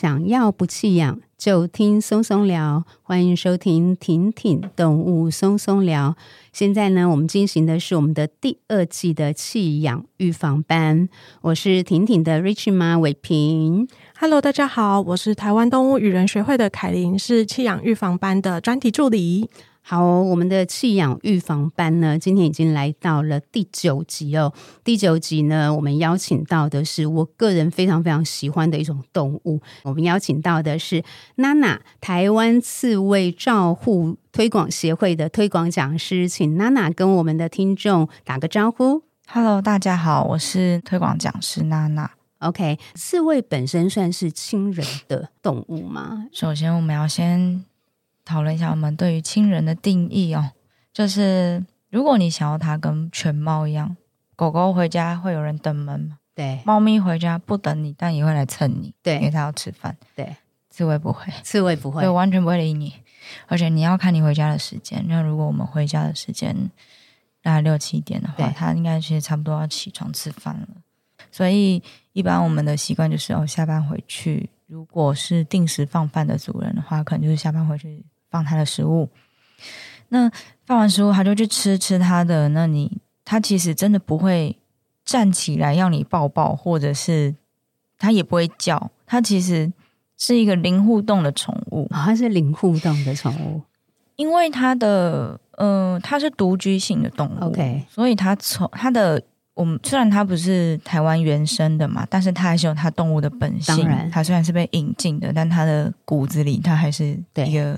想要不棄養，就聽鬆鬆聊。歡迎收聽挺挺動物鬆鬆聊。現在呢，我們進行的是我們的第二季的棄養預防班。我是挺挺的 Rich 媽偉蘋。Hello，大家好，我是台灣動物與人學會的愷羚，是棄養預防班的專題助理。好哦，我們的棄養預防班呢，今天已經來到了第九集哦。第九集呢，我們邀請到的是我個人非常非常喜歡的一種動物。我們邀請到的是 Nana，台灣刺蝟照護推廣協會的推廣講師，請 Nana 跟我們的聽眾打個招呼。Hello，大家好，我是推廣講師 Nana。OK，刺蝟本身算是親人的動物嗎？首先，我們要先。討論一下我們對於親人的定義哦，就是如果你想要它跟犬貓一樣，狗狗回家會有人等門，對，貓咪回家不等你，但也會來蹭你，對，因為它要吃飯。對，刺蝟不會，刺蝟不會，對，完全不會理你。而且你要看你回家的時間，那如果我們回家的時間大概六七點的話，它對應該是差不多要起床吃飯了。所以一般我們的習慣就是哦，下班回去。如果是定時放飯的主人的話，可能就是下班回去放他的食物。那放完食物，他就去吃吃他的。那你他其實真的不會站起來要你抱抱，或者是他也不會叫。他其實是一個零互動的寵物。哦，他是零互動的寵物，因為他的呃，他是獨居性的動物。OK，所以他從他的。我們雖然它不是台灣原生的嘛，但是它還是有它動物的本性。當然，它雖然是被引進的，但它的骨子裡，它還是一個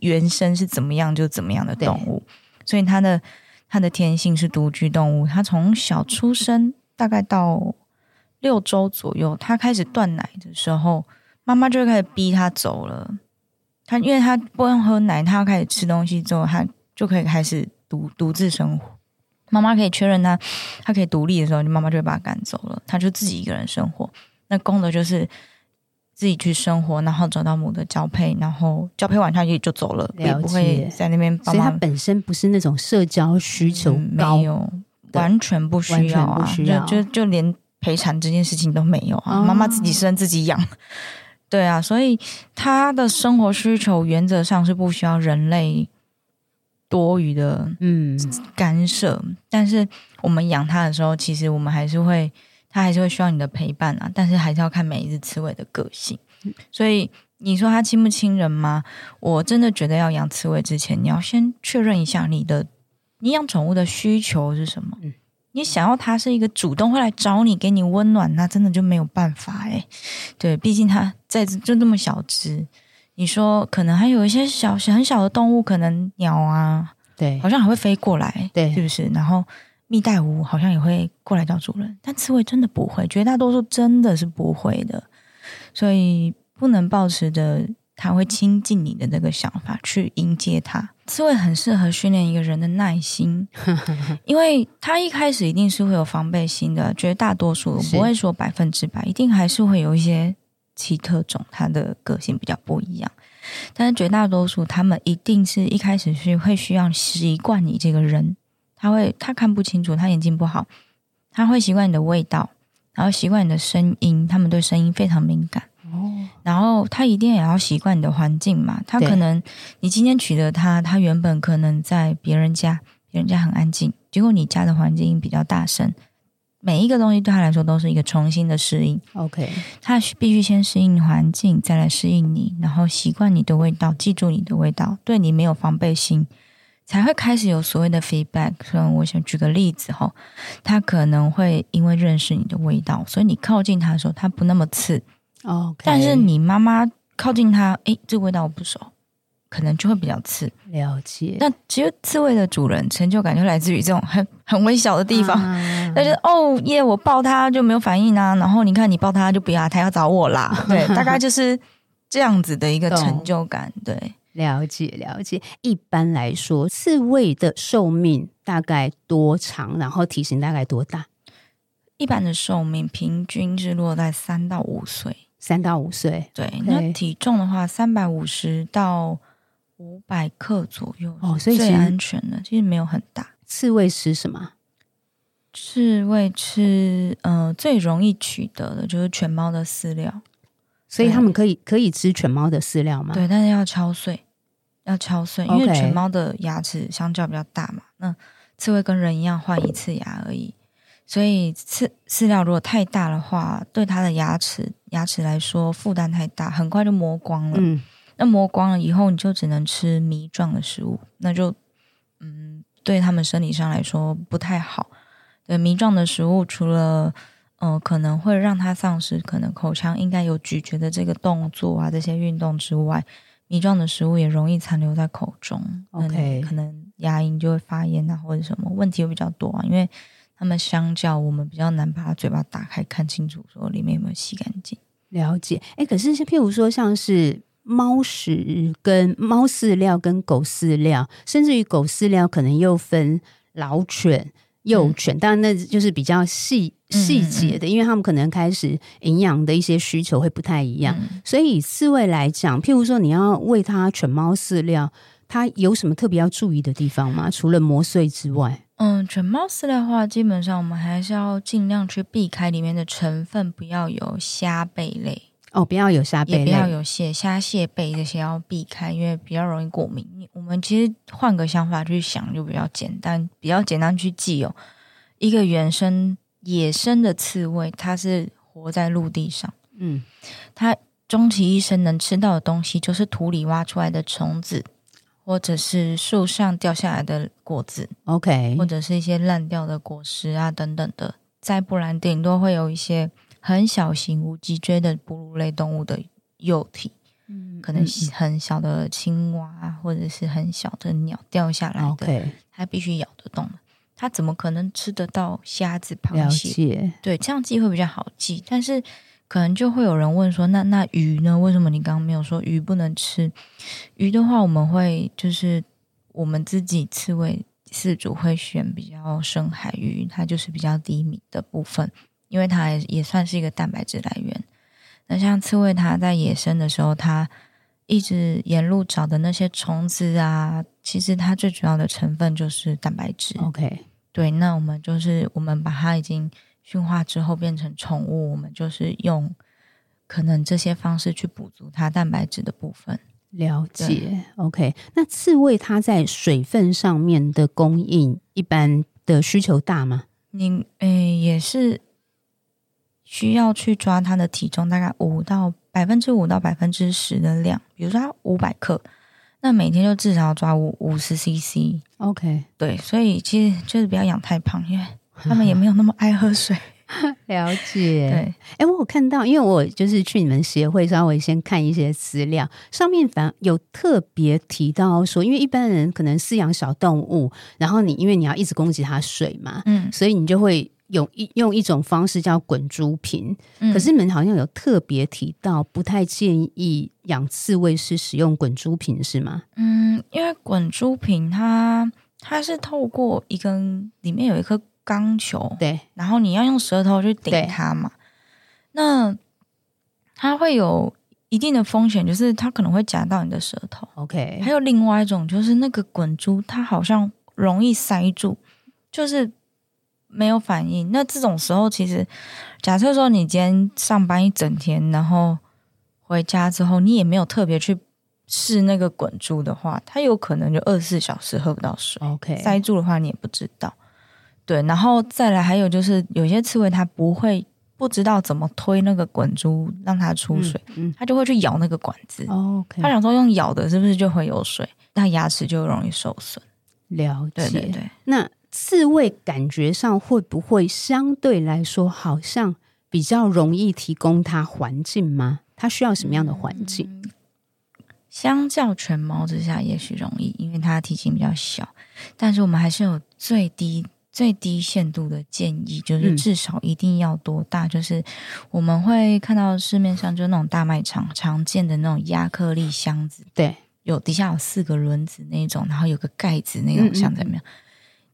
原生是怎麼樣就怎麼樣的動物。對。所以它的它的天性是獨居動物。它從小出生大概到六周左右，它開始斷奶的時候，媽媽就會開始逼它走了。它因為它不用喝奶，它要開始吃東西之後，它就可以開始獨獨自生活。媽媽可以確認他，他可以獨立的時候，你媽媽就會把他趕走了，他就自己一個人生活。那公的就是自己去生活，然後找到母的交配，然後交配完他也就走了，也了解。不會在那邊幫忙。所以他本身不是那種社交需求、嗯，沒有，完全不需要啊，完全不需要啊。就就連陪產這件事情都沒有啊。哦，媽媽自己生自己養。對啊，所以他的生活需求原則上是不需要人類多餘的嗯，干涉，嗯、但是我們養它的時候，其實我們還是會，它還是會需要你的陪伴啊。但是還是要看每一隻刺蝟的個性。嗯、所以你說它親不親人嗎？我真的覺得要養刺蝟之前，你要先確認一下你的你養寵物的需求是什麼。嗯、你想要它是一個主動會來找你、給你溫暖，那真的就沒有辦法誒、欸。對，畢竟它在就那麼小隻。你說可能還有一些小、小很小的動物，可能鳥啊，對，好像還會飛過來，對，是不是？然後蜜袋鼯好像也會過來找主人，但刺蝟真的不會，絕大多數真的是不會的，所以不能抱持着它會親近你的那個想法去迎接它。 刺蝟很適合訓練一個人的耐心，因為它一開始一定是會有防備心的，絕大多數不會說百分之百，是一定還是會有一些。其特種，它的個性比較不一樣，但是絕大多數，他們一定是一開始是會需要習慣你這個人，他會他看不清楚，他眼睛不好，他會習慣你的味道，然後習慣你的聲音，他們對聲音非常敏感、哦、然後他一定也要習慣你的環境嘛，他可能對你今天取得他，他原本可能在別人家，別人家很安靜，結果你家的環境比較大聲。每一個東西對他來說都是一個重新的適應，OK，他必須先適應環境，再來適應你，然後習慣你的味道，記住你的味道，對你沒有防備心，才會開始有所謂的 feedback。所以我想舉個例子哈，他可能會因為認識你的味道，所以你靠近他的時候，他不那麼刺，哦，Okay. 但是你媽媽靠近他，誒，這個味道我不熟。可能就會比較刺，了解。那其實刺蝟的主人成就感就來自於這種很很微小的地方，他、啊啊啊、就是、哦耶，我抱他就沒有反應啊，然後你看你抱他就不要，他要找我啦。 對，大概就是這樣子的一個成就感。懂對，了解了解。一般來說，刺蝟的壽命大概多長？然後體型大概多大？一般的壽命平均是落在三到五歲，三到五歲。對，以那體重的話，三百五十到。五百克左右哦，所以最安全的其實沒有很大。刺蝟吃什麼？刺蝟吃，呃，最容易取得的就是犬貓的飼料，所以他們可以對可以吃犬貓的飼料嗎？對，但是要敲碎，要敲碎，Okay. 因為犬貓的牙齒相較比較大嘛。那刺蝟跟人一樣換一次牙而已，所以飼飼料如果太大的話，對它的牙齒牙齒來說負擔太大，很快就磨光了。嗯。那磨光了以後，你就只能吃糜狀的食物，那就嗯，對他們生理上來說不太好。對，糜狀的食物除了嗯、呃，可能會讓他喪失可能口腔應該有咀嚼的這個動作啊，這些運動之外，糜狀的食物也容易殘留在口中。OK，可能牙齦就會發炎啊，或者什麼問題會比較多啊，因為他們相較我們比較難把牠嘴巴打開看清楚，說裡面有沒有洗乾淨。了解，哎，可是是譬如說像是。貓食跟貓飼料跟狗飼料，甚至於狗飼料可能又分老犬、幼犬，當然、嗯、那就是比較細細節的，嗯嗯嗯，因為他們可能開始營養的一些需求會不太一樣。嗯、所以刺蝟來講，譬如說你要餵它犬貓飼料，它有什麼特別要注意的地方嗎？除了磨碎之外，嗯，犬貓飼料的話，基本上我們還是要儘量去避開裡面的成分，不要有蝦、貝類。哦，不要有蝦，也不要有蟹、蝦、蟹、貝這些要避開，因為比較容易過敏。我們其實換個想法去想就比較簡單，比較簡單去記哦。一個原生野生的刺蝟，它是活在陸地上，嗯，它終其一生能吃到的東西就是土裡挖出來的蟲子，或者是樹上掉下來的果子，OK，或者是一些爛掉的果實啊等等的，再不然頂多會有一些。很小型無脊椎的哺乳類動物的幼體，嗯，可能很小的青蛙或者是很小的鳥掉下來的，Okay 它必須咬得動，它怎麼可能吃得到蝦子、螃蟹？了解對，這樣記會比較好記。但是可能就會有人問說，那那魚呢？為什麼你剛剛沒有說魚不能吃？魚的話，我們會就是我們自己刺蝟飼主會選比較深海魚，它就是比較低迷的部分。因為它也也算是一個蛋白質來源。那像刺蝟，它在野生的時候，它一直沿路找的那些蟲子啊，其實它最主要的成分就是蛋白質。OK，對。那我們就是我們把它已經馴化之後變成寵物，我們就是用可能這些方式去補足它蛋白質的部分。了解。對 OK，那刺蝟它在水分上面的供應，一般的需求大嗎？您，哎，也是。需要去抓它的體重，大概五到百分之五到百分之十的量。比如說它五百克，那每天就至少要抓五五十 CC。OK，對，所以其實就是不要養太胖，因為他們也沒有那麼愛喝水。 了解，對。哎、欸，我有看到，因為我就是去你們協會稍微先看一些資料，上面反而有特別提到說，因為一般人可能飼養小動物，然後你因為你要一直供給它水嘛，嗯，所以你就會。用一用一種方式叫滾珠瓶，嗯、可是你們好像有特別提到，不太建議養刺蝟是使用滾珠瓶，是嗎？嗯，因為滾珠瓶它它是透過一根裡面有一顆鋼球，對，然後你要用舌頭去頂它嘛，對那它會有一定的風險，就是它可能會夾到你的舌頭。OK，還有另外一種就是那個滾珠，它好像容易塞住，就是。沒有反應，那這種時候其實，假設說你今天上班一整天，然後回家之後你也沒有特別去試那個滾珠的話，它有可能就二十四小時喝不到水。OK，塞住的話你也不知道。對，然後再來還有就是，有些刺蝟它不會不知道怎麼推那個滾珠讓它出水，嗯嗯、它就會去咬那個管子。Oh, OK，它想說用咬的是不是就會有水，那牙齒就容易受損。了解，對對對。那刺蝟感覺上會不會相對來說好像比較容易提供它環境嗎？它需要什麼樣的環境，嗯？相較犬貓之下，也許容易，因為它體型比較小。但是我們還是有最低最低限度的建議，就是至少一定要多大？嗯，就是我們會看到市面上就那種大賣場常見的那種壓克力箱子，對，有底下有四個輪子那種，然後有個蓋子那種像怎麼樣。嗯嗯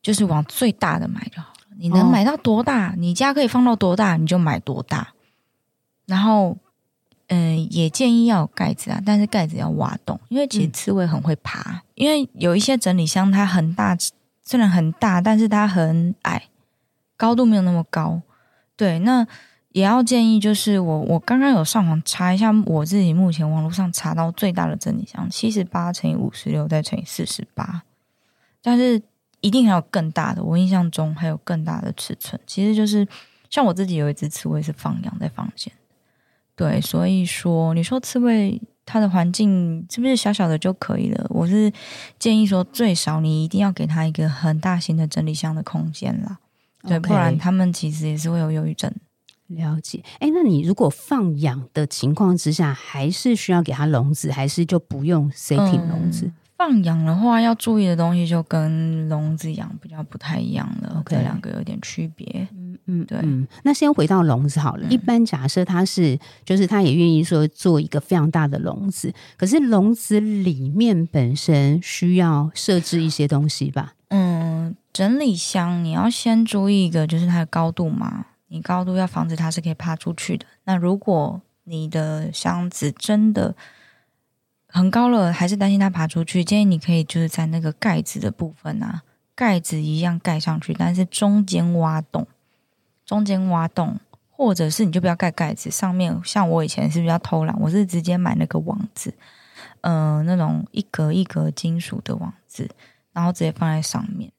就是往最大的買就好了。你能買到多大，哦、你家可以放到多大，你就買多大。然後，嗯、呃，也建議要有蓋子啊，但是蓋子要挖洞，因為其實刺蝟很會爬。嗯、因為有一些整理箱它很大，雖然很大，但是它很矮，高度沒有那麼高。對，那也要建議就是我我剛剛有上網查一下，我自己目前網絡上查到最大的整理箱七十八乘以五十六再乘以四十八，但是。一定還有更大的，我印象中還有更大的尺寸。其實就是像我自己有一隻刺蝟是放養在房間，對，所以說你說刺蝟它的環境是不是小小的就可以了？我是建議說最少你一定要給它一個很大型的整理箱的空間啦，對，Okay. 不然它們其實也是會有憂鬱症。了解，哎、欸，那你如果放養的情況之下，還是需要給它籠子，還是就不用塞進籠子？嗯放養的話，要注意的東西就跟籠子養比較不太一樣了。這兩對個有點區別，嗯對嗯。嗯嗯，對。那先回到籠子好了。嗯，一般假設它是，就是他也願意說做一個非常大的籠子，可是籠子裡面本身需要設置一些東西吧？嗯，整理箱你要先注意一個，就是它的高度嘛。你高度要防止它是可以爬出去的。那如果你的箱子真的，很高了，還是擔心它爬出去。建議你可以就是在那個蓋子的部分啊，蓋子一樣蓋上去，但是中間挖洞，中間挖洞，或者是你就不要蓋蓋子。上面像我以前是比較偷懶，我是直接買那個網子，嗯，那種一格一格金屬的網子，然後直接放在上面。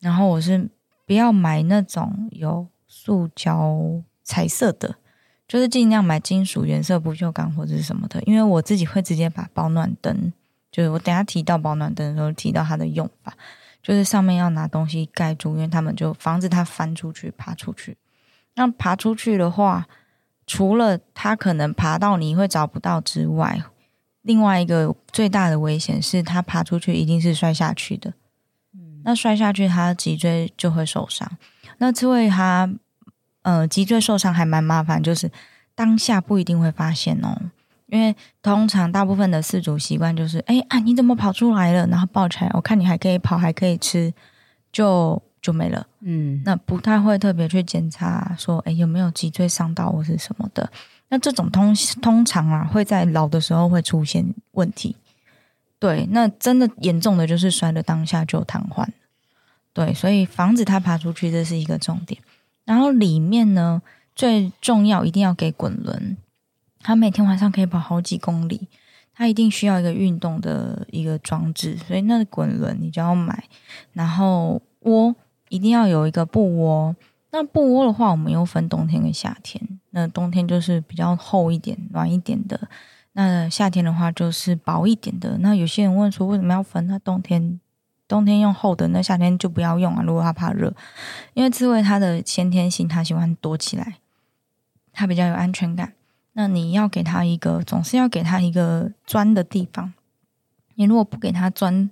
然後我是不要買那種有塑膠彩色的。就是盡量買金屬原色不鏽鋼或者是什麼的，因為我自己會直接把保暖燈，就是我等一下提到保暖燈的時候提到它的用法，就是上面要拿東西蓋住，因為他們就防止它翻出去、爬出去。那爬出去的話，除了它可能爬到你會找不到之外，另外一個最大的危險是它爬出去一定是摔下去的。嗯，那摔下去它的脊椎就會受傷。那刺蝟它。呃，脊椎受傷還蠻麻煩，就是當下不一定會發現哦，因為通常大部分的飼主習慣就是，哎啊，你怎麼跑出來了？然後抱起來，我看你還可以跑，還可以吃，就就沒了。嗯，那不太會特別去檢查說，哎，有沒有脊椎傷到或是什麼的。那這種通通常啊，會在老的時候會出現問題。對，那真的嚴重的就是摔了當下就癱瘓。對，所以防止他爬出去，這是一個重點。然後裡面呢，最重要一定要給滾輪，它每天晚上可以跑好幾公里，它一定需要一個運動的一個裝置，所以那滾輪你就要買。然後窩一定要有一個布窩，那布窩的話，我們又分冬天跟夏天，那冬天就是比較厚一點、暖一點的，那夏天的話就是薄一點的。那有些人問說，為什麼要分？那冬天。冬天用厚的，那夏天就不要用啊，如果他怕熱，因為刺蝟它的先天性，它喜歡躲起來，它比較有安全感。那你要給它一個，總是要給它一個鑽的地方。你如果不給它鑽，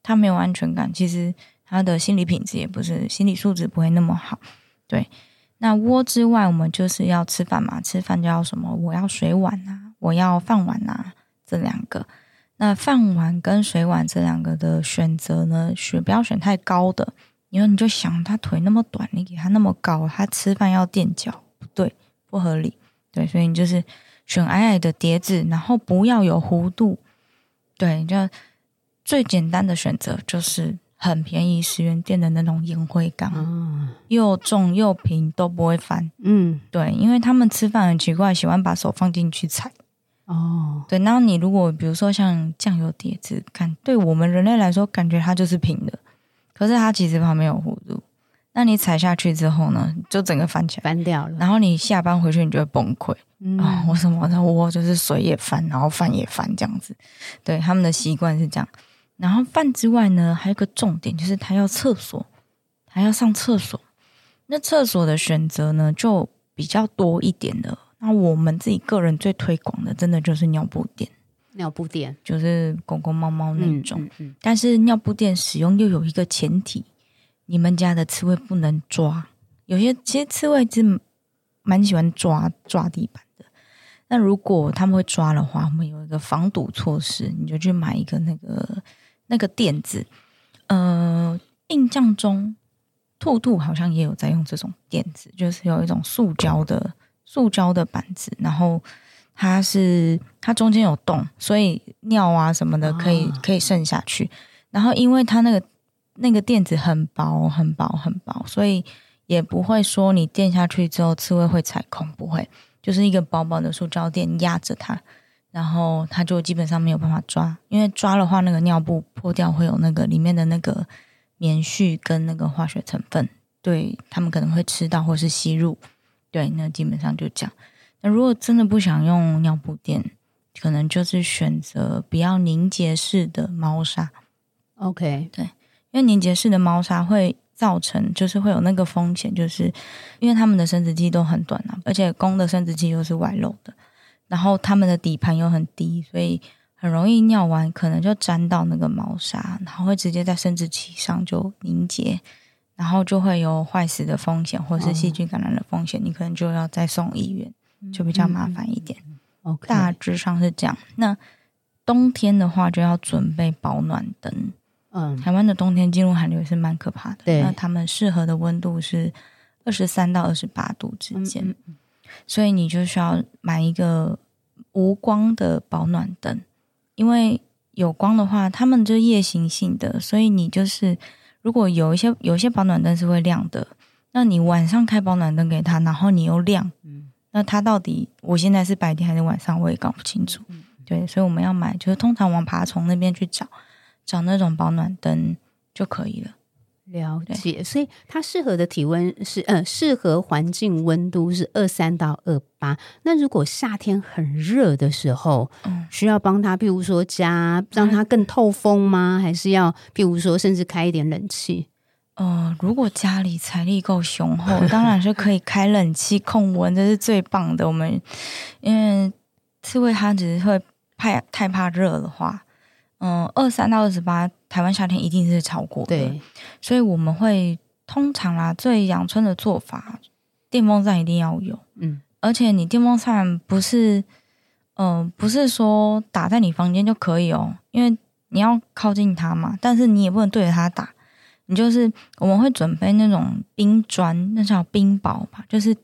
它沒有安全感，其實它的心理品質也不是，心理素質不會那麼好。對，那窩之外，我們就是要吃飯嘛，吃飯就要什麼？我要水碗啊，我要飯碗啊，這兩個。那飯碗跟水碗這兩個的選擇呢，選不要選太高的，因為你就想他腿那麼短，你給他那麼高，他吃飯要墊腳，不對，不合理，對，所以你就是選矮矮的碟子，然後不要有弧度，對，你就最簡單的選擇就是很便宜十元店的那種煙灰缸，又重又平都不會翻，嗯，對，因為他們吃飯很奇怪，喜歡把手放進去踩。哦，oh. 對，那你如果比如說像醬油碟子，看，對我們人類來說，感覺它就是平的，可是它其實旁邊有弧度，那你踩下去之後呢，就整個翻起來，翻掉了。然後你下班回去，你就會崩潰、嗯、啊！我什麼？我就是水也翻，然後飯也翻，這樣子。對，他們的習慣是這樣。然後飯之外呢，還有個重點就是他要廁所，他要上廁所。那廁所的選擇呢，就比較多一點的。那我們自己個人最推廣的，真的就是尿布墊。尿布墊就是狗狗貓貓那種，嗯嗯嗯、但是尿布墊使用又有一個前提：你們家的刺蝟不能抓。有些其實刺蝟是蠻喜歡抓抓地板的。那如果他們會抓的話，我們有一個防堵措施，你就去買一個那個那個墊子。呃，印象中兔兔好像也有在用這種墊子，就是有一種塑膠的。塑膠的板子，然後它是它中間有洞，所以尿啊什麼的可以，啊、可以滲下去。然後因為它那個那個墊子很薄很薄很薄，所以也不會說你墊下去之後刺蝟會踩空，不會，就是一個薄薄的塑膠墊壓着它，然後它就基本上沒有辦法抓，因為抓的話那個尿布破掉會有那個裡面的那個棉絮跟那個化學成分，對，它們可能會吃到或是吸入。對，那基本上就這樣。那如果真的不想用尿布墊，可能就是選擇比較凝結式的貓砂。OK，對，因為凝結式的貓砂會造成，就是會有那個風險，就是因為它們的生殖器都很短啊，而且公的生殖器又是外露的，然後它們的底盤又很低，所以很容易尿完可能就沾到那個貓砂，然後會直接在生殖器上就凝結。然後就會有壞死的風險，或是細菌感染的風險，哦、你可能就要再送醫院，就比較麻煩一點。嗯嗯嗯、大致上是這樣。嗯、那冬天的話，就要準備保暖燈。嗯，台灣的冬天進入寒流是蠻可怕的。對，那他們適合的溫度是二十三到二十八度之間，嗯嗯嗯、所以你就需要買一個無光的保暖燈，因為有光的話，他們就夜行性的，所以你就是。如果有一些，有一些保暖燈是會亮的，那你晚上開保暖燈給牠，然後你又亮，那它，到底我現在是白天還是晚上，我也搞不清楚。對，所以我們要買，就是通常往爬蟲那邊去找，找那種保暖燈就可以了。了解，對所以它適合的體溫是，嗯、呃，適合環境溫度是二三到二八。那如果夏天很熱的時候，嗯、需要幫他，譬如說加，讓它更透風嗎？啊、還是要，譬如說，甚至開一點冷氣？哦、呃，如果家裡財力夠雄厚， 當然是可以開冷氣控溫，這是最棒的。我們因為刺猬它只是會怕太怕熱的話。嗯，二三、呃、到二十八，台灣夏天一定是超過，對，所以我們會通常啦，最陽春的做法，電風扇一定要有，嗯，而且你電風扇不是，嗯、呃，不是說打在你房間就可以哦、喔，因為你要靠近它嘛，但是你也不能對着它打，你就是我們會準備那種冰磚，那叫冰雹吧，就是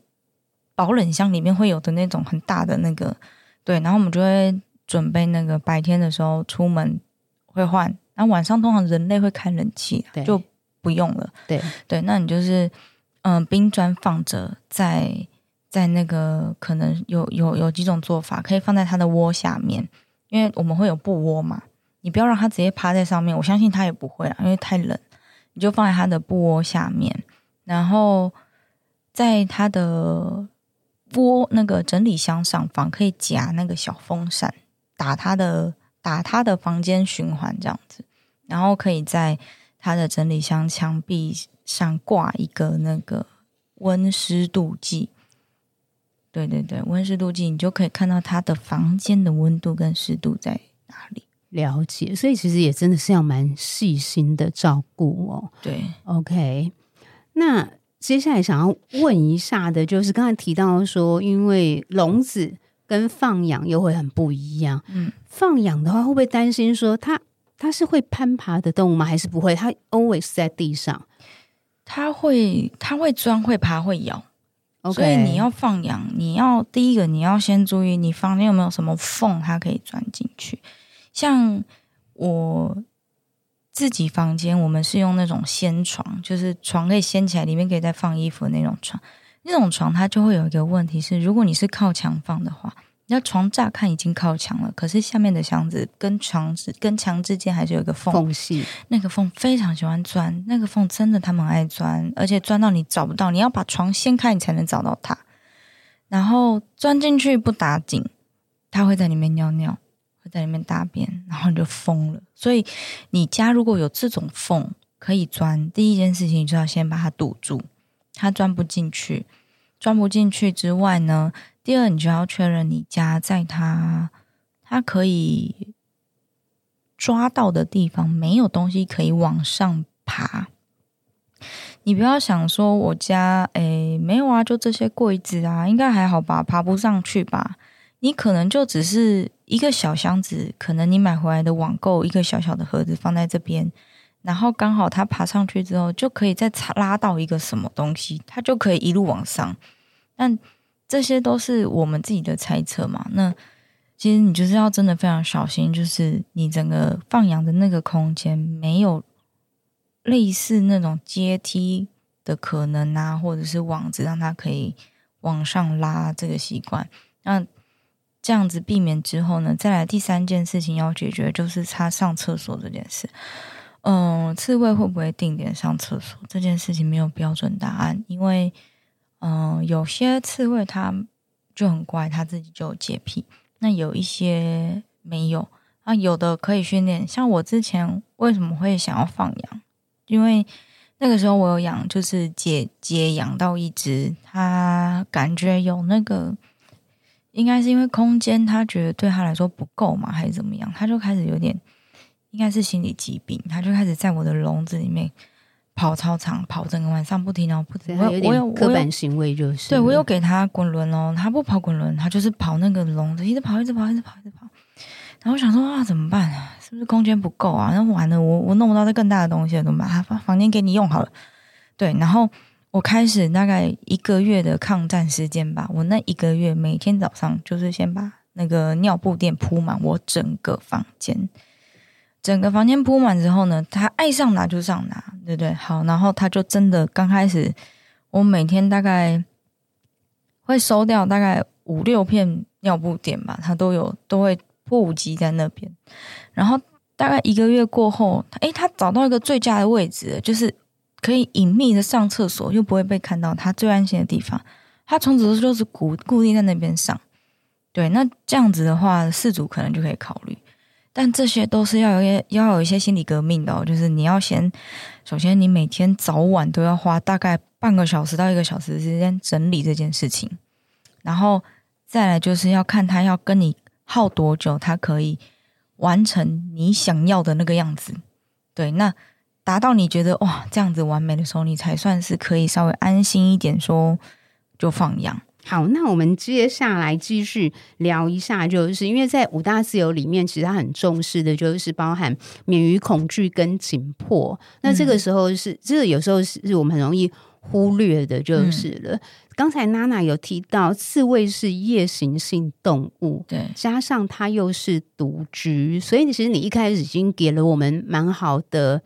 保冷箱裡面會有的那種很大的那個，對，然後我們就會準備那個白天的時候出門。會換，那晚上通常人類會開冷氣，對就不用了。對對，那你就是嗯、呃，冰磚放着，在在那個可能有有有幾種做法，可以放在它的窩下面，因為我們會有布窩嘛，你不要讓它直接趴在上面，我相信它也不會啦，因為太冷，你就放在它的布窩下面，然後在它的窩那個整理箱上方可以夾那個小風扇，打它的。打他的房間循環這樣子，然後可以在他的整理箱牆壁上掛一個那個溫濕度計。對對對，溫濕度計，你就可以看到他的房間的溫度跟濕度在哪裡。了解，所以其實也真的是要蠻細心的照顧哦。對，OK。那接下來想要問一下的，就是剛才提到說，因為籠子。跟放養又會很不一樣。嗯，放養的話，會不會擔心說它它是會攀爬的動物嗎？還是不會？它 always 在地上，它會它會鑽、會爬、會咬。OK，所以你要放養，你要第一個你要先注意你房間有沒有什麼縫，它可以鑽進去。像我自己房間，我們是用那種掀床，就是床可以掀起來，裡面可以再放衣服的那種床。那種床它就會有一個問題是，如果你是靠牆放的話，你要床乍看已經靠牆了，可是下面的箱子跟床子跟牆之間還是有一個縫，縫隙。那個縫非常喜歡鑽，那個縫真的他們愛鑽，而且鑽到你找不到，你要把床掀開你才能找到它。然後鑽進去不打緊，它會在裡面尿尿，會在裡面大便，然後你就瘋了。所以你家如果有這種縫可以鑽，第一件事情就要先把它堵住。它鑽不進去，鑽不進去之外呢，第二你就要確認你家在它它可以抓到的地方，沒有東西可以往上爬。你不要想說我家，哎，沒有啊，就這些櫃子啊，應該還好吧，爬不上去吧。你可能就只是一個小箱子，可能你買回來的網購，一個小小的盒子放在這邊。然後剛好他爬上去之後，就可以再拉，拉到一個什麼東西，他就可以一路往上。但這些都是我們自己的猜測嘛，那其實你就是要真的非常小心，就是你整個放養的那個空間沒有類似那種階梯的可能啊，或者是網子讓他可以往上拉這個習慣。那這樣子避免之後呢，再來第三件事情要解決就是他上廁所這件事。嗯、呃，刺蝟會不會定點上廁所這件事情，沒有標準答案。因為，嗯、呃，有些刺蝟它就很乖，它自己就有潔癖，那有一些沒有，啊，有的可以訓練。像我之前為什麼會想要放養，因為那個時候我有養，就是接接養到一隻，它感覺有那個，應該是因為空間，它覺得對它來說不夠嘛，還是怎麼樣，它就開始有點。應該是心理疾病，他就開始在我的籠子裡面跑操場，跑整個晚上不停哦，然後不停我有我有刻板行為就是，對我有給他滾輪哦，他不跑滾輪，他就是跑那個籠子，一直跑，一直跑，一直跑，一直跑。然後我想說啊，怎麼辦啊？是不是空間不夠啊？那完了，我我弄不到他更大的東西了，怎麼辦？把、啊、房間給你用好了。對，然後我開始大概一個月的抗戰時間吧。我那一個月每天早上就是先把那個尿布墊鋪滿我整個房間。整個房間鋪滿之後呢，他愛上哪就上哪，對不對？好，然後他就真的剛開始，我每天大概會收掉大概五六片尿布墊吧，他都有都會鋪積在那邊。然後大概一個月過後，誒，他找到一個最佳的位置，就是可以隱秘的上廁所，又不會被看到，他最安心的地方。他從此就是固固定在那邊上。對，那這樣子的話，飼主可能就可以考慮。但這些都是要有一些要有一些心理革命的哦，就是你要先，首先你每天早晚都要花大概半個小時到一個小時的時間整理這件事情，然後再來就是要看他要跟你耗多久，他可以完成你想要的那個樣子。對，那達到你覺得哇這樣子完美的時候，你才算是可以稍微安心一點，說就放養。好，那我們接下來繼續聊一下，就是因為在五大自由裡面，其實他很重視的就是包含免於恐懼跟緊迫。嗯、那這個時候是，這個、有時候是我們很容易忽略的，就是了。嗯、剛才娜娜有提到，刺蝟是夜行性動物，對，加上它又是獨居，所以其實你一開始已經給了我們蠻好的。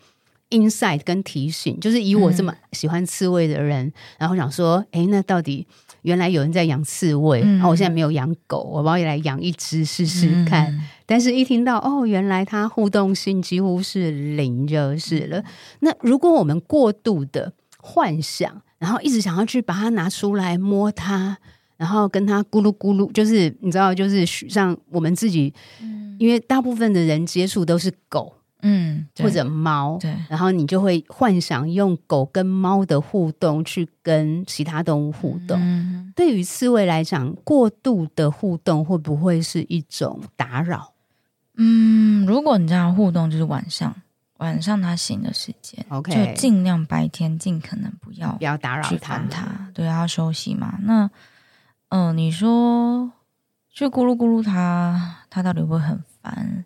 Insight 跟提醒，就是以我這麼喜歡刺蝟的人，嗯、然後想說，誒，那到底原來有人在養刺蝟，嗯、然後我現在沒有養狗，我不來養一隻試試看。嗯、但是，一聽到哦，原來它互動性幾乎是零，就是了。嗯、那如果我們過度的幻想，然後一直想要去把它拿出來摸它，然後跟它咕嚕咕嚕，就是你知道，就是像我們自己，嗯、因為大部分的人接觸都是狗。嗯，或者貓，對，然後你就會幻想用狗跟貓的互動去跟其他動物互動。嗯，對於刺蝟來講，過度的互動會不會是一種打擾？嗯，如果你這樣互動，就是晚上，晚上它醒的時間，OK，就儘量白天儘可能不要不要打擾他去煩它，對，啊，要休息嘛。那，嗯，呃，你說就咕嚕咕嚕它，它到底會不會很煩？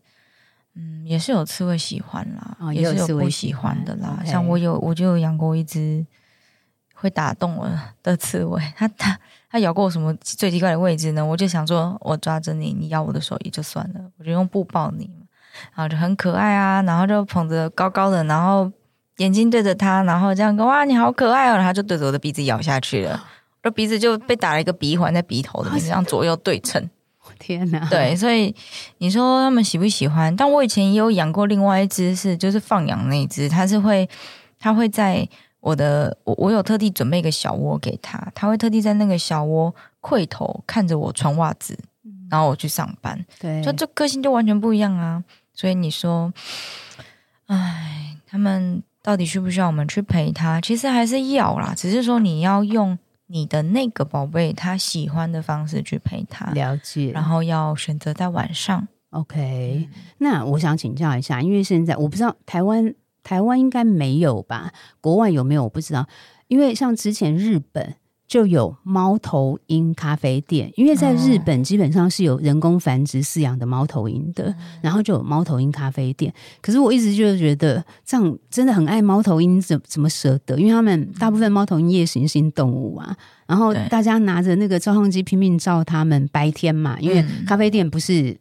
嗯，也是有刺蝟喜歡啦，哦、也有刺蝟喜歡，也是有不喜歡的啦。Okay 像我有，我就有養過一只會打動我的刺蝟，它它它咬過我什麼最奇怪的位置呢？我就想說，我抓着你，你咬我的時候也就算了，我就用布抱你，然後就很可愛啊，然後就捧着高高的，然後眼睛對着它，然後這樣跟哇，你好可愛哦，然後他就對着我的鼻子咬下去了，我的鼻子就被打了一個鼻環在鼻頭的位置，這樣左右對稱。哦天吶，對，所以你說他們喜不喜歡？但我以前也有養過另外一隻是，就是放養那隻，它是會它會在我的我我有特地準備一個小窩給它，它會特地在那個小窩窺頭看着我穿襪子，嗯、然後我去上班，對，就這個性就完全不一樣啊！所以你說，哎，他們到底需不需要我們去陪他？其實還是要啦，只是說你要用。你的那個寶貝，他喜歡的方式去陪他，了解。然後要選擇在晚上。OK，嗯，那我想請教一下，因為現在我不知道台灣，台灣應該沒有吧？國外有沒有，我不知道，因為像之前日本。就有貓頭鷹咖啡店，因為在日本基本上是有人工繁殖飼養的貓頭鷹的，然後就有貓頭鷹咖啡店。可是我一直就覺得，這樣真的很愛貓頭鷹，怎怎麼捨得？因為他們大部分貓頭鷹夜行性動物啊，然後大家拿着那個照相機拼命照他們白天嘛，因為咖啡店不是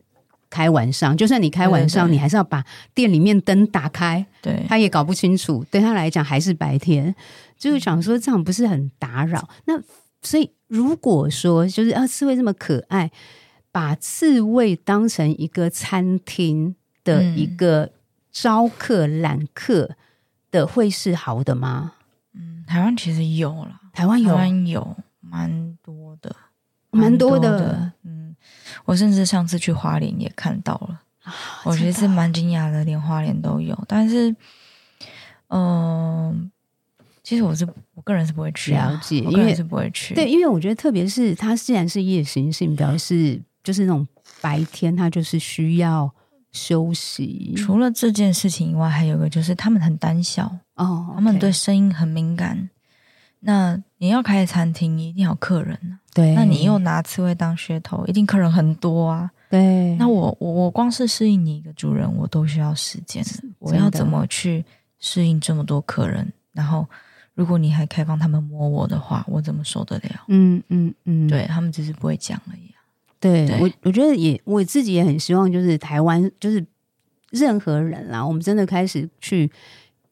開晚上，就算你開晚上，對對對，你還是要把店裡面燈打開。對，對，對，他也搞不清楚，對他來講還是白天。就是想說這樣不是很打擾。嗯、那所以如果說就是啊，刺蝟這麼可愛，把刺蝟當成一個餐廳的一個招客攬客的，會是好的嗎？嗯，台灣其實有了，台灣有，台灣有蠻多的，蠻多的。嗯我甚至上次去花蓮也看到了，哦、我覺得是蠻驚訝的，哦、連花蓮都有。但是，嗯、呃，其實我是我個人是不會去，啊，了解，因為是不會去。對，因為我覺得特，特別是它既然是夜行性，表示就是那種白天它就是需要休息。除了這件事情以外，還有一個就是他們很膽小哦，okay，他們對聲音很敏感。那，你要開餐廳，你一定有客人啊。對，那你又拿刺蝟當噱頭，一定客人很多啊。對，那我我我光是適應你一個主人，我都需要時間。我要怎麼去適應這麼多客人？然後，如果你還開放他們摸我的話，我怎麼受得了？嗯嗯嗯，嗯嗯，對他們只是不會講而已啊。對，對我，我覺得也我自己也很希望，就是台灣，就是任何人啦啊，我們真的開始去。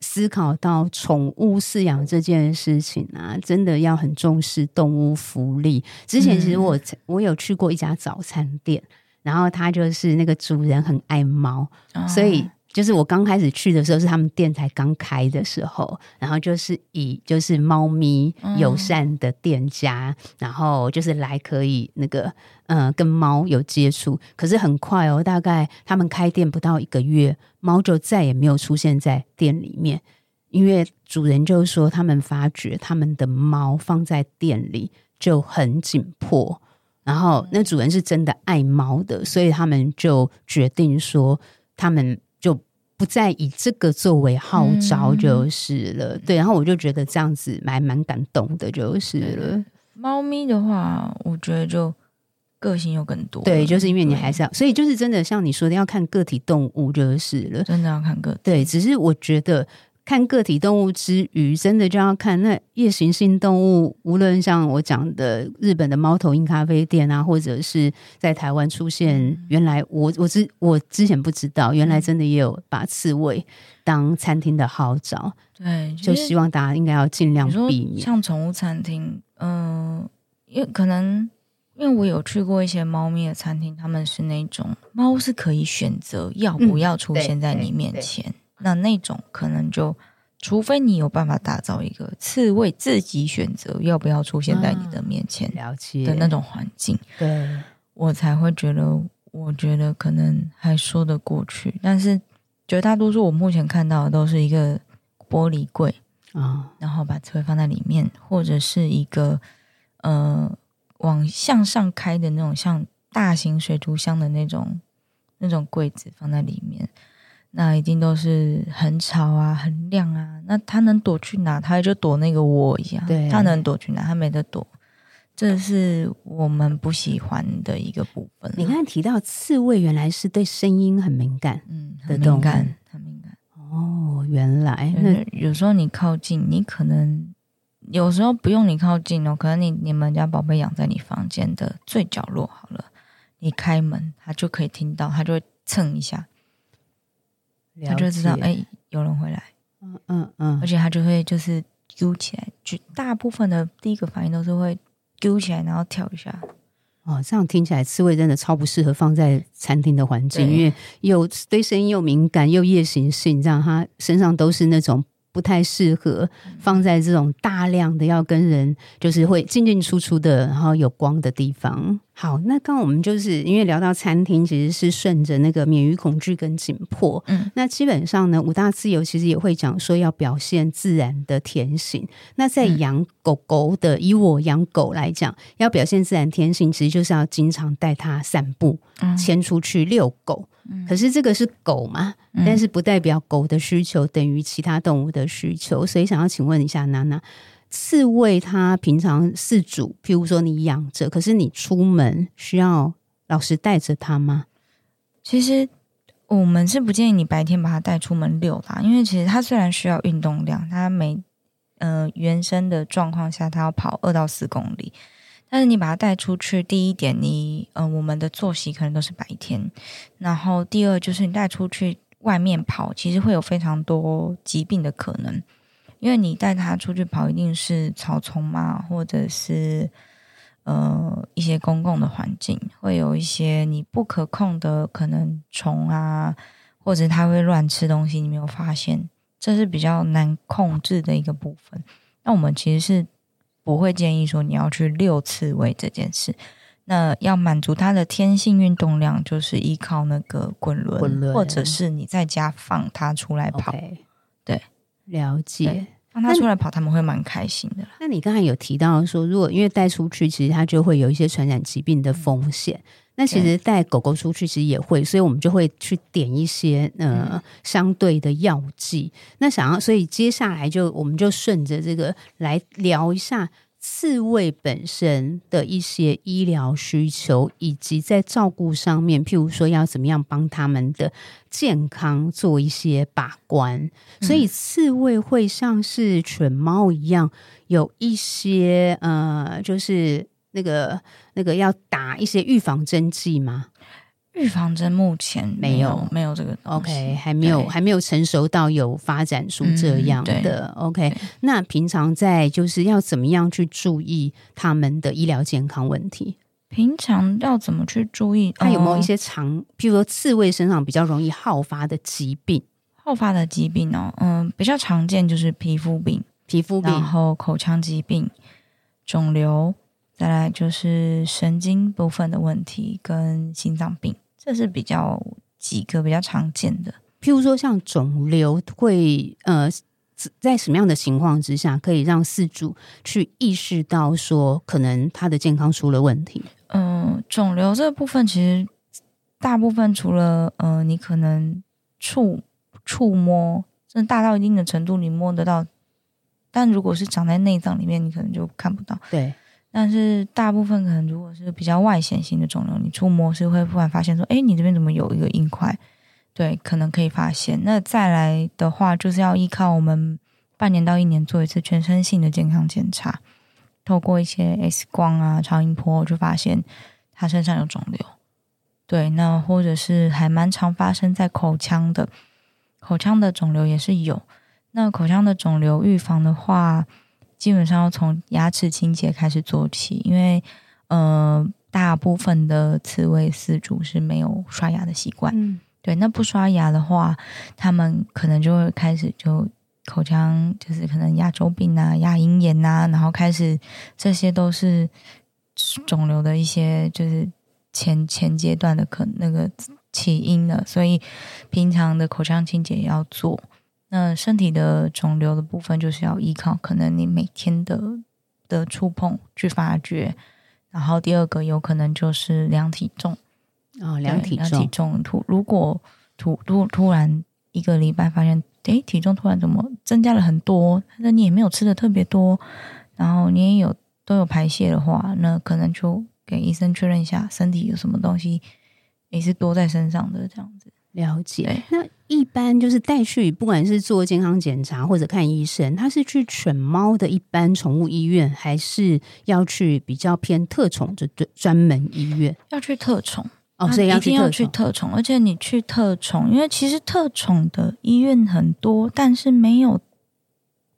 思考到寵物飼養這件事情啊，真的要很重視動物福利。之前其實我我有去過一家早餐店，然後他就是那個主人很愛貓，哦、所以。就是我剛開始去的時候，是他們店才剛開的時候，然後就是以就是貓咪友善的店家，嗯、然後就是來可以那個嗯、呃、跟貓有接觸。可是很快哦，大概他們開店不到一個月，貓就再也沒有出現在店裡面，因為主人就說他們發覺他們的貓放在店裡就很緊迫，然後那主人是真的愛貓的，所以他們就決定說他們。就不再以這個作為號召，就是了。嗯、對，然後我就覺得這樣子蠻蠻感動的，就是了。貓、嗯、咪的話，我覺得就個性又更多。對，就是因為你還是要，對所以就是真的像你說的，要看個體動物就是了。真的要看個體。對，只是我覺得。看個體動物之餘，真的就要看那夜行性動物。無論像我講的日本的貓頭鷹咖啡店啊，或者是在台灣出現，原來我我之我之前不知道，原來真的也有把刺蝟當餐廳的號召。對、嗯，就希望大家應該要盡量避免。就是、像寵物餐廳，嗯、呃，因為可能因為我有去過一些貓咪的餐廳，他們是那種貓是可以選擇要不要出現在你面前。嗯那那種可能就，除非你有辦法打造一個刺蝟自己選擇要不要出現在你的面前的那種環境，嗯、了解，對，我才會覺得，我覺得可能還說得過去。但是絕大多數我目前看到的都是一個玻璃櫃啊，嗯、然後把刺蝟放在裡面，或者是一個呃往向上開的那種，像大型水族箱的那種那種櫃子放在裡面。那一定都是很吵啊，很亮啊。那它能躲去哪？它就躲那個窩一樣。對啊，它能躲去哪？它沒得躲。這是我們不喜歡的一個部分啊。你看提到刺蝟，原來是對聲音很敏感，嗯，很敏感，很敏感。哦，原來那有時候你靠近，你可能有時候不用你靠近哦，可能你你們家寶貝養在你房間的最角落好了，你開門，它就可以聽到，它就會蹭一下。他就知道，哎、欸，有人回來，嗯嗯嗯，嗯嗯而且他就會就是揪起來，就大部分的第一個反應都是會揪起來，然後跳一下。哦，這樣聽起來，刺蝟真的超不適合放在餐廳的環境，對因為又對聲音又敏感，又夜行性，你知道它身上都是那種。不太適合放在這種大量的要跟人，就是會進進出出的，然後有光的地方。好，那剛我們就是因為聊到餐廳，其實是順着那個免於恐懼跟緊迫。嗯，那基本上呢，五大自由其實也會講說要表現自然的天性。那在養狗狗的，嗯、以我養狗來講，要表現自然天性，其實就是要經常帶它散步，牽出去遛狗。嗯可是這個是狗嘛，但是不代表狗的需求、嗯、等於其他動物的需求，所以想要請問一下 Nana，刺蝟它平常是主，譬如說你養着，可是你出門需要老是帶着它嗎？其實我們是不建議你白天把它帶出門遛啦，因為其實它雖然需要運動量，它每呃原生的狀況下，它要跑二到四公里。但是你把它帶出去，第一點你，你呃，我們的作息可能都是白天；然後第二就是你帶出去外面跑，其實會有非常多疾病的可能，因為你帶它出去跑，一定是草叢嘛、啊，或者是呃一些公共的環境，會有一些你不可控的可能蟲啊，或者它會亂吃東西，你沒有發現，這是比較難控制的一個部分。那我們其實是，不會建議說你要去六次為這件事，那要滿足它的天性運動量，就是依靠那個滾輪，滾輪或者是你在家放它出來跑。Okay, 對，了解放它出來跑，他們會蠻開心的。那你剛才有提到說，如果因為帶出去，其實它就會有一些傳染疾病的風險。嗯那其實帶狗狗出去其實也會，對所以我們就會去點一些呃相對的藥劑。嗯、那想要，所以接下來就我們就順着這個來聊一下刺蝟本身的一些醫療需求，以及在照顧上面，譬如說要怎麼樣幫他們的健康做一些把關。嗯、所以刺蝟會像是犬貓一樣，有一些呃就是。那個那個要打一些預防針劑嗎？預防針目前沒有，沒有，沒有這個。OK，還沒有，對還沒有成熟到有發展出這樣的。嗯、OK，對那平常在就是要怎麼樣去注意他們的醫療健康問題？平常要怎麼去注意？他有沒有一些常，哦、譬如說刺蝟身上比較容易好發的疾病？好發的疾病哦，嗯、呃，比較常見就是皮膚病、皮膚病，然後口腔疾病、腫瘤。再來就是神經部分的問題跟心臟病，這是比較幾個比較常見的。譬如說，像腫瘤會呃，在什麼樣的情況之下可以讓飼主去意識到說，可能他的健康出了問題？嗯、呃，腫瘤這個部分其實大部分除了呃，你可能觸觸摸，甚至大到一定的程度你摸得到，但如果是長在內臟裡面，你可能就看不到。對。但是大部分可能，如果是比較外顯性的腫瘤，你觸摸是會突然發現說，誒、欸，你這邊怎麼有一個硬塊？對，可能可以發現。那再來的話，就是要依靠我們半年到一年做一次全身性的健康檢查，透過一些 X 光啊、超音波，就發現他身上有腫瘤。對，那或者是還蠻常發生在口腔的，口腔的腫瘤也是有。那口腔的腫瘤預防的話，基本上要從牙齒清潔開始做起，因為，嗯、呃，大部分的刺蝟、飼主是沒有刷牙的習慣。嗯，對，那不刷牙的話，他們可能就會開始就口腔，就是可能牙周病啊、牙齦炎啊，然後開始這些都是腫瘤的一些就是前前階段的可那個起因了，所以平常的口腔清潔也要做。那身體的腫瘤的部分，就是要依靠，可能你每天的的觸碰去發覺，然後第二個有可能就是量體重啊、哦，量體重。如果突突突然一個禮拜發現，誒，體重突然怎麼增加了很多？那你也沒有吃的特別多，然後你也有都有排泄的話，那可能就給醫生確認一下，身體有什麼東西也是多在身上的這樣子。了解，那一般就是帶去，不管是做健康檢查或者看醫生，他是去犬貓的一般寵物醫院，還是要去比較偏特寵的專專門醫院？要去特寵哦，這一定要去特寵，哦，所以要去特寵，而且你去特寵，因為其實特寵的醫院很多，但是沒有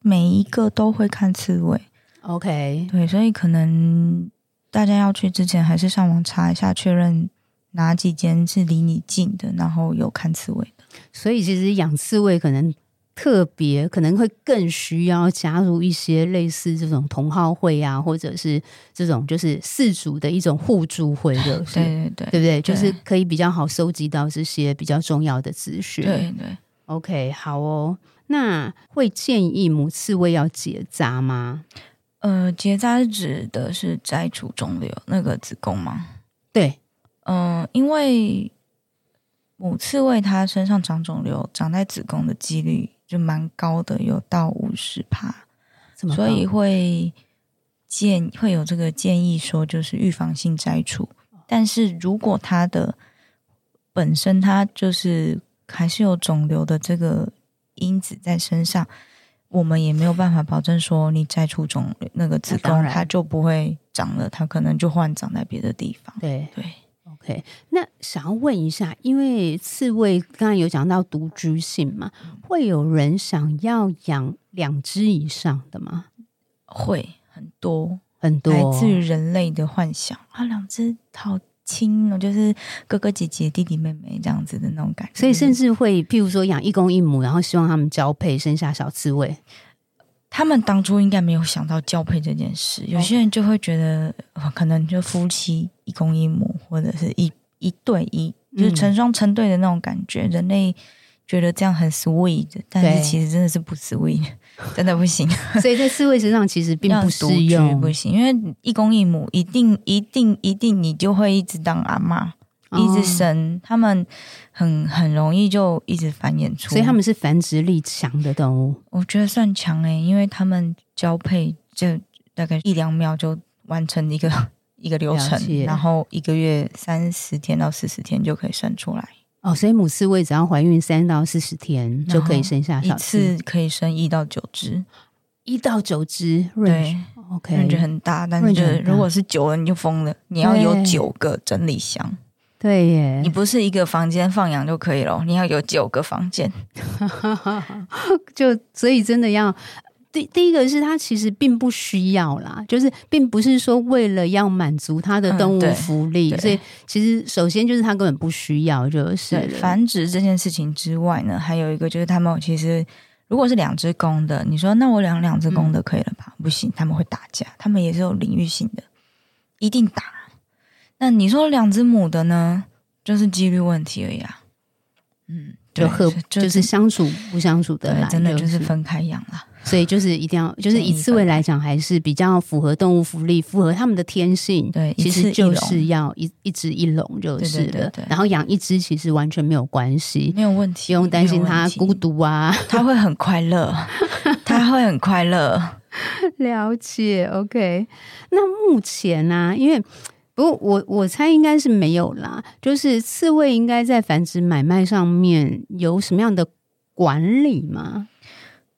每一個都會看刺蝟。OK，對，所以可能大家要去之前，還是上網查一下確認。哪幾間是離你近的？然後有看刺蝟的，所以其實養刺蝟可能特別可能會更需要加入一些類似這種同好會啊，或者是這種就是飼主的一種互助會的，就是， 對，對對對，對不對？對，就是可以比較好收集到這些比較重要的資訊。對對，OK，好哦。那會建議母刺蝟要結紮嗎？呃，結紮指的是摘除腫瘤那個子宮嗎？對。嗯、呃，因為母刺蝟他身上長腫瘤長在子宮的幾率就蠻高的，有到五十趴。所以會建會有這個建議說，就是預防性摘除。但是如果他的本身他就是還是有腫瘤的這個因子在身上，我們也沒有辦法保證說你摘除腫瘤那個子宮，然它就不會長了，它可能就換長在別的地方。對對。對 OK，那想要問一下，因為刺蝟剛剛有講到獨居性嘛，嗯、會有人想要養兩隻以上的嗎？會，很多很多，很多哦，來自於人類的幻想啊，兩隻好親哦，就是哥哥姐姐、弟弟妹妹這樣子的那種感覺。所以甚至會譬如說養一公一母，然後希望他們交配，生下小刺蝟。他們當初應該沒有想到交配這件事，有些人就會覺得、哦、可能就夫妻一公一母或者是一一對一，就是成雙成對的那種感覺。人類覺得這樣很 sweet，但是其實真的是不 sweet，對真的不行。所以在刺蝟身上其實並不適用，獨居不行，因為一公一母一定一定一定你就會一直當阿嬤。一直生，哦、他們很很容易就一直繁衍出所以他們是繁殖力強的動物。我覺得算強誒、欸，因為他們交配就大概一兩秒就完成一個一個流程，解然後一個月三十天到四十天就可以生出來。哦，所以母刺蝟只要懷孕三到四十天後就可以生下。一次可以生一到九隻，一到九隻。對，感覺 Okay 很大，但是如果是九了，你就瘋了。你要有九個整理箱。對耶，你不是一個房間放養就可以了，你要有九個房間。 就所以真的要第第一個是他其實並不需要啦，就是並不是說為了要滿足他的動物福利，嗯、所以其實首先就是他根本不需要，就是對、嗯、繁殖，這件事情之外呢，還有一個就是他們其實如果是兩隻公的，你說那我養兩隻公的可以了吧？嗯、不行，他們會打架，他們也是有領域性的，一定打。那你說兩只母的呢，就是幾率問題而已啊。嗯，就和就是相處不相處的，真的就是分開養了、就是。所以就是一定要，就是以刺蝟來講，還是比較符合動物福利，符合他們的天性。對，一一其實就是要一一只一籠就是了。對對對對然後養一只其實完全沒有關係，沒有問題，不用擔心它孤獨啊，它會很快樂，它 會很快樂。 了解，OK。那目前呢、啊，因為。不過我，我我猜應該是沒有啦。就是刺蝟應該在繁殖買賣上面有什麼樣的管理嗎？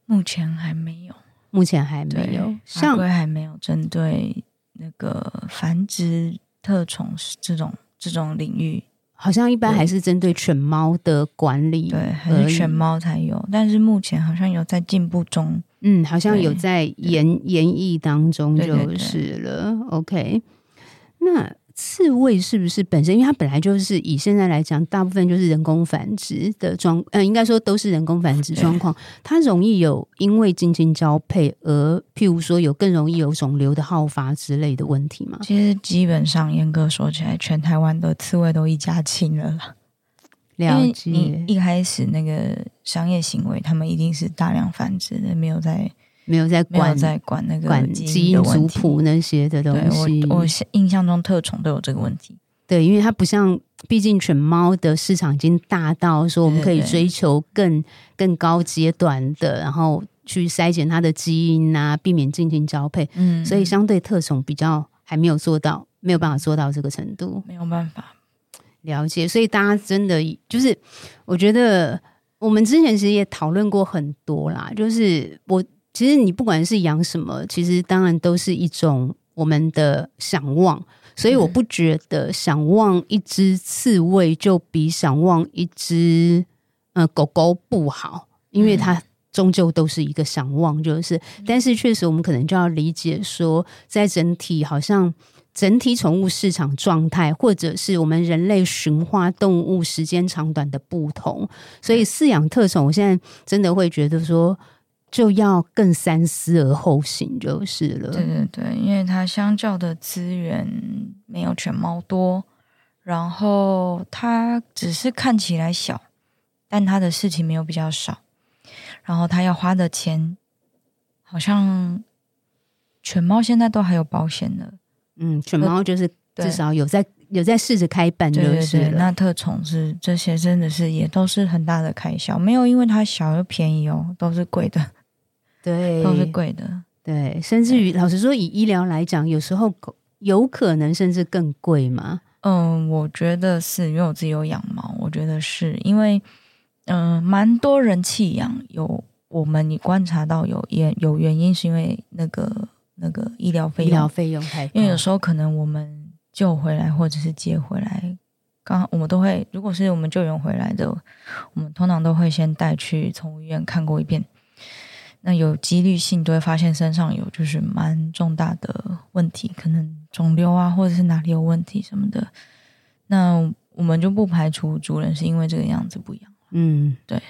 目前還沒有，目前還沒有，法規對像還沒有針對那個繁殖特寵這種這種領域，好像一般還是針對犬貓的管理。對，對，還是犬貓才有。但是目前好像有在進步中，嗯，好像有在研研議當中就是了。對對對 OK。那刺蝟是不是本身？因為它本來就是以現在來講，大部分就是人工繁殖的狀，嗯、呃，應該說都是人工繁殖狀況。對它容易有因為近親交配而，譬如說有更容易有腫瘤的好發之類的問題嗎？其實基本上嚴格說起來，全台灣的刺蝟都一家親了啦。了解，你一開始那個商業行為，他們一定是大量繁殖的，沒有在。沒有在管，有在管那個基管基因族譜那些的東西我。我印象中特寵都有這個問題，對，因為它不像，畢竟犬貓的市場已經大到說我們可以追求更更高階段的，對對對，然後去篩選它的基因啊，避免進行交配。嗯，所以相對特寵比較還沒有做到，沒有辦法做到這個程度，沒有辦法了解。所以大家真的就是，我覺得我們之前其實也討論過很多啦，就是我。其實你不管是養什麼，其實當然都是一種我們的想望，所以我不覺得想望一隻刺蝟就比想望一隻狗狗不好，因為它終究都是一個想望，就是，嗯、但是確實我們可能就要理解說，在整體好像整體寵物市場狀態，或者是我們人類馴化動物時間長短的不同，所以飼養特寵，我現在真的會覺得說。就要更三思而後行，就是了。對對對，因為它相較的資源沒有犬貓多，然後它只是看起來小，但它的事情沒有比較少，然後它要花的錢，好像犬貓現在都還有保險的。嗯，犬貓就是至少有在有在試着開辦，就是，對對對，那特寵是這些真的是也都是很大的開銷，沒有因為它小又便宜哦，都是貴的。對，都是貴的。對，甚至於對老實說，以醫療來講，有時候有可能甚至更貴嘛。嗯、呃，我覺得是因為我自己有養貓，我覺得是因為嗯、呃，蠻多人棄養。有我們你觀察到有也有原因，是因為那個那個醫療費用醫療費用太貴。因為有時候可能我們救回來或者是接回來，剛好我們都會如果是我們救援回來的，我們通常都會先帶去寵物醫院看過一遍。那有幾率性都會發現身上有就是蠻重大的問題，可能腫瘤啊，或者是哪裡有問題什麼的。那我們就不排除主人是因為這個樣子不一樣。嗯，對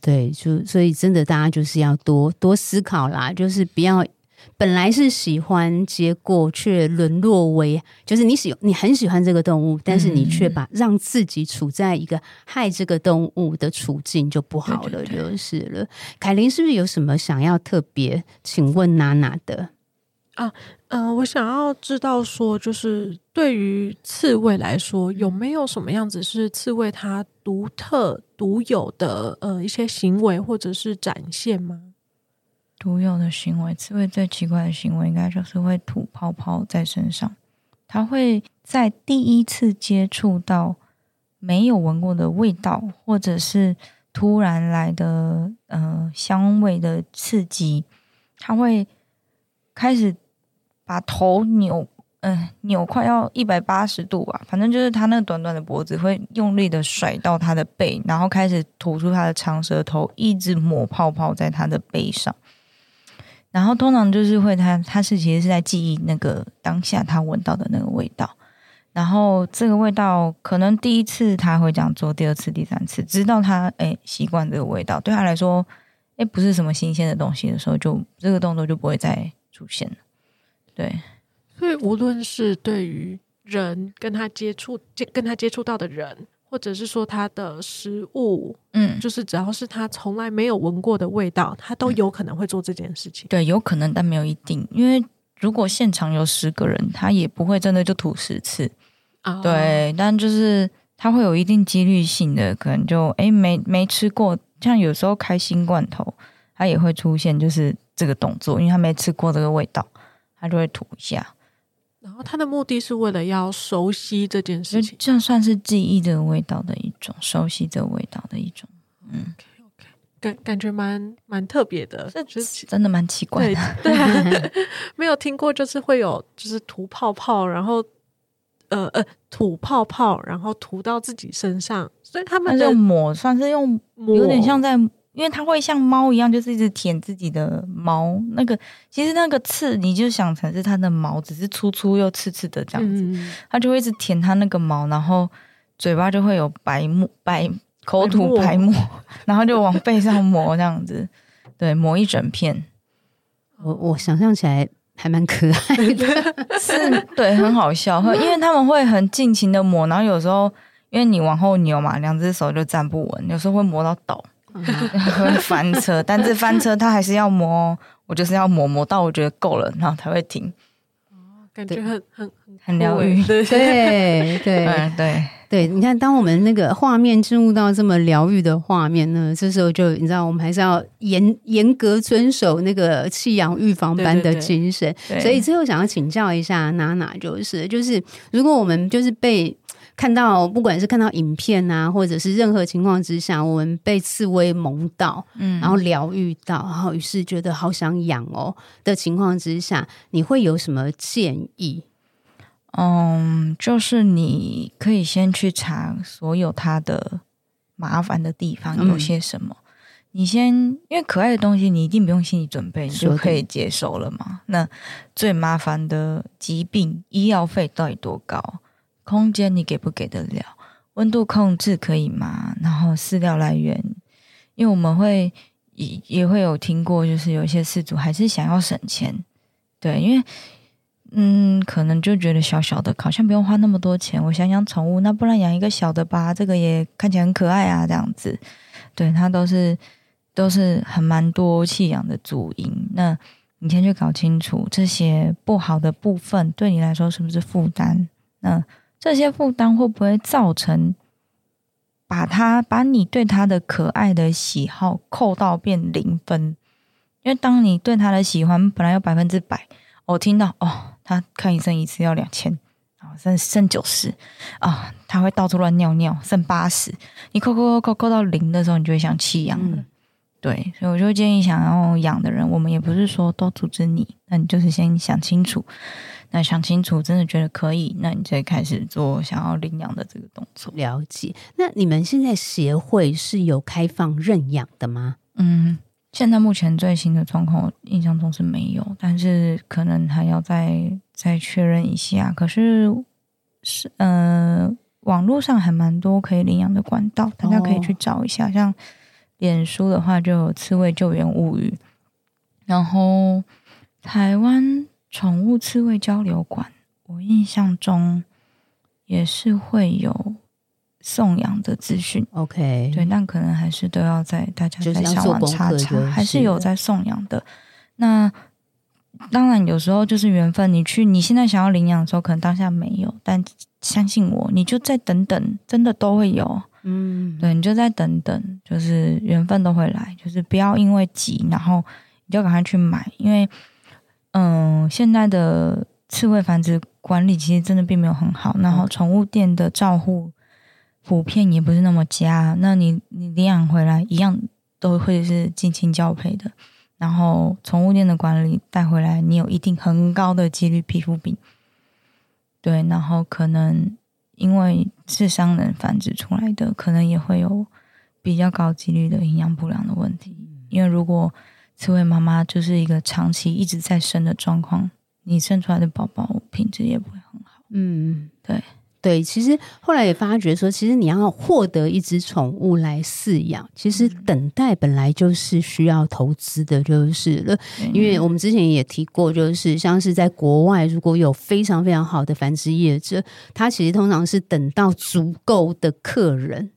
對，就所以真的大家就是要多多思考啦，就是不要。本來是喜歡，結果卻淪落為，就是你喜你很喜歡這個動物，但是你卻把讓自己處在一個害這個動物的處境就不好了，就是了。愷羚，是不是有什麼想要特別請問娜娜的啊？呃，我想要知道說，就是對於刺蝟來說，有沒有什麼樣子是刺蝟它獨特獨有的呃一些行為或者是展現嗎？獨有的行為，刺蝟最奇怪的行為應該就是會吐泡泡在身上。它會在第一次接觸到沒有聞過的味道，或者是突然來的呃香味的刺激，它會開始把頭扭，嗯、呃，扭快要一百八十度吧，反正就是它那個短短的脖子會用力的甩到它的背，然後開始吐出它的長舌頭，一直抹泡泡在它的背上。然後通常就是會他，他他是其實是在記憶那個當下他聞到的那個味道，然後這個味道可能第一次他會這樣做，第二次、第三次，直到他哎習慣這個味道，對他來說哎不是什麼新鮮的東西的時候就，就這個動作就不會再出現了。對，所以無論是對於人跟他接觸，接跟他接觸到的人。或者是說他的食物，嗯，就是只要是他從來沒有聞過的味道，他都有可能會做這件事情。對，有可能，但沒有一定。因為如果現場有十個人，他也不會真的就吐十次。哦。對，但就是他會有一定幾率性的，可能就，哎，沒，沒吃過，像有時候開心罐頭，他也會出現就是這個動作，因為他沒吃過這個味道，他就會吐一下。然後他的目的是為了要熟悉這件事情，這樣算是記憶的味道的一種，熟悉的味道的一種。嗯 okay, okay. 感感覺蠻蠻特別的，這就是，真的蠻奇怪的對。對對、啊。 沒有聽過，就是會有就是吐泡泡，然後呃呃吐泡泡，然後塗到自己身上，所以他們就抹，算是用抹有點像在。因為它會像貓一樣，就是一直舔自己的毛。那個其實那個刺，你就想成是它的毛，只是粗粗又刺刺的這樣子。嗯、它就會一直舔它那個毛，然後嘴巴就會有白沫、白口吐白沫，落然後就往背上磨這樣子。 對，磨一整片。我我想象起來還蠻可愛的，是，對，很好笑。會，因為他們會很盡情的磨，然後有時候因為你往後扭嘛，兩只手就站不穩，有時候會磨到倒。 翻車，但是翻車他還是要摸，我就是要摸，摸到我覺得夠了，然後才會停。哦，感覺對很很很療癒，對、 嗯、對對對，你看，當我們那個畫面進入到這麼療癒的畫面呢，這時候就你知道，我們還是要嚴嚴格遵守那個棄養預防班的精神。對對對所以，最後想要請教一下娜娜、就是，就是就是如果我們就是被。看到不管是看到影片啊，或者是任何情況之下，我們被刺蝟萌到，嗯，然後療癒到，然後於是覺得好想養哦的情況之下，你會有什麼建議？嗯，就是你可以先去查所有他的麻煩的地方有些什麼。嗯、你先因為可愛的東西，你一定不用心理準備，你就可以接受了嘛。嗯、那最麻煩的疾病，醫藥費到底多高？空間你給不給得了？溫度控制可以嗎？然後飼料來源，因為我們會也也會有聽過，就是有一些飼主還是想要省錢，對，因為嗯，可能就覺得小小的好像不用花那麼多錢，我想養寵物，那不然養一個小的吧，這個也看起來很可愛啊，這樣子，對，它都是都是很蠻多棄養的主因。那你先去搞清楚這些不好的部分，對你來說是不是負擔？那。這些負擔會不會造成把他把你對他的可愛的喜好扣到變零分？因為當你對他的喜歡本來有百分之百，我聽到哦，他看醫生一次要兩千，啊，剩剩九十，啊、哦，他會到處亂尿尿，剩八十，你扣扣扣扣扣到零的時候，你就會想棄養了。嗯、對，所以我就建議想要養的人，我們也不是說都阻止你，那你就是先想清楚。那想清楚，真的覺得可以，那你再開始做想要領養的這個動作。了解。那你們現在協會是有開放認養的嗎？嗯，現在目前最新的狀況，印象中是沒有，但是可能還要再再確認一下。可是是，呃，網絡上還蠻多可以領養的管道，大家可以去找一下。哦、像臉書的話，就有刺蝟救援物語，然後台灣，寵物刺蝟交流館，我印象中也是會有送養的資訊。OK，對，那可能還是都要在大家就在上網查查，就是，還是有在送養的。那當然，有時候就是緣分，你去你現在想要領養的時候，可能當下沒有，但相信我，你就再等等，真的都會有。嗯，對，你就再等等，就是緣分都會來，就是不要因為急，然後你就趕快去買，因為。嗯，現在的刺蝟繁殖管理其實真的並沒有很好，然後寵物店的照護普遍也不是那麼佳。那你你領養回來一樣都會是近親交配的，然後寵物店的管理帶回來，你有一定很高的幾率皮膚病。對，然後可能因為是商人繁殖出來的，可能也會有比較高幾率的營養不良的問題。因為如果這位媽媽就是一個長期一直在生的狀況，你生出來的寶寶品質也不會很好。嗯，對對，其實後來也發覺說，其實你要獲得一隻寵物來飼養，其實等待本來就是需要投資的，就是了。嗯、因為我們之前也提過，就是像是在國外，如果有非常非常好的繁殖業者，他其實通常是等到足夠的客人。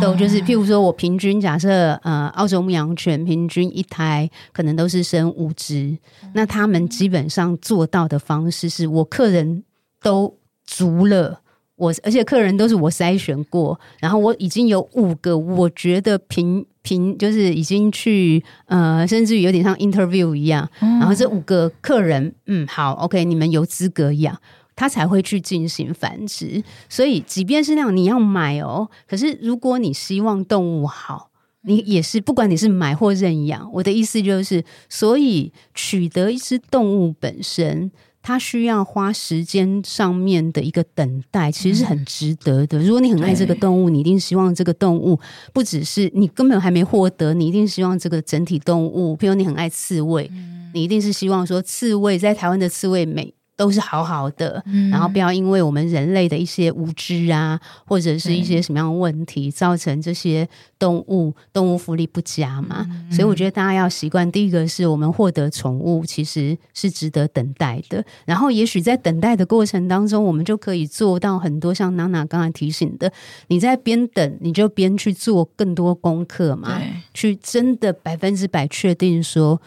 都就是，譬如說我平均假設，呃，澳洲牧羊犬平均一胎可能都是生五隻，那他們基本上做到的方式是我客人都足了我，而且客人都是我篩選過，然後我已經有五個，我覺得平平就是已經去呃，甚至於有點像 interview 一樣，嗯、然後這五個客人，嗯，好，OK，你們有資格養。它才會去進行繁殖，所以即便是那樣，你要買哦。可是如果你希望動物好，你也是不管你是買或認養，我的意思就是，所以取得一隻動物本身，它需要花時間上面的一個等待，其實是很值得的。如果你很愛這個動物，對你一定希望這個動物不只是你根本還沒獲得，你一定希望這個整體動物。譬如你很愛刺蝟，你一定是希望說刺蝟在台灣的刺蝟美。都是好好的，嗯、然後不要因為我們人類的一些無知啊，或者是一些什麼樣的問題，對造成這些動物動物福利不佳嘛。嗯嗯，所以我覺得大家要習慣，第一個是我們獲得寵物其實是值得等待的，然後也許在等待的過程當中，我們就可以做到很多，像娜娜剛才提醒的，你在邊等你就邊去做更多功課嘛，對去真的百分之百確定說。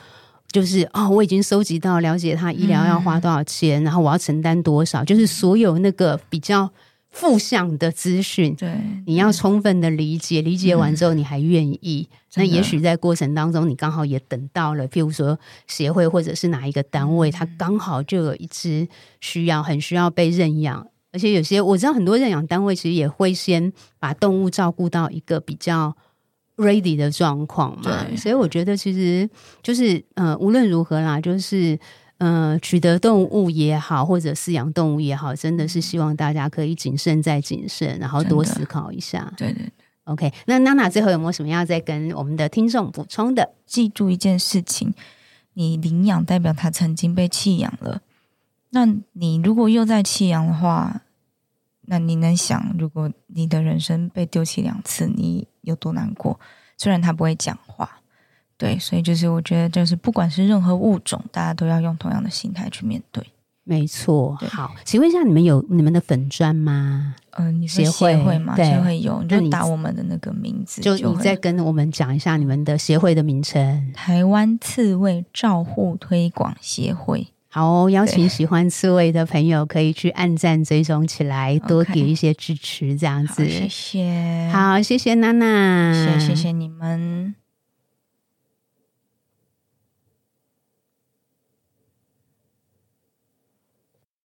就是哦，我已經收集到了解他醫療要花多少錢，嗯、哼然後我要承擔多少，就是所有那個比較負向的資訊，對，你要充分的理解，理解完之後你還願意，嗯、那也許在過程當中你剛好也等到了，譬如說協會或者是哪一個單位，他剛好就有一隻需要很需要被認養，而且有些我知道很多認養單位其實也會先把動物照顧到一個比較。Ready 的狀況嘛，對所以我覺得其實就是，呃，無論如何啦，就是，呃，取得動物也好，或者飼養動物也好，真的是希望大家可以謹慎再謹慎，然後多思考一下。對對對，OK。那娜娜最後有沒有什麼要再跟我們的聽眾補充的？記住一件事情：你領養代表他曾經被棄養了。那你如果又在棄養的話，那你能想，如果你的人生被丟棄兩次，你？有多難過？雖然他不會講話，對，所以就是我覺得，就是不管是任何物種，大家都要用同樣的心態去面對。沒錯，對好，請問一下，你們有你們的粉專嗎？嗯、呃，你是協會嗎？協會有，對就打我們的那個名字。就你再跟我們講一下你們的協會的名稱——台灣刺蝟照護推廣協會。好，邀請喜歡刺蝟的朋友可以去按讚追蹤起來，對多給一些支持，這樣子。Okay. 好，謝謝，好，謝謝娜娜，謝謝，謝謝你們。